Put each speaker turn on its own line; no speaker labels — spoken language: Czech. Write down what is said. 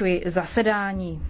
Přerušuji zasedání.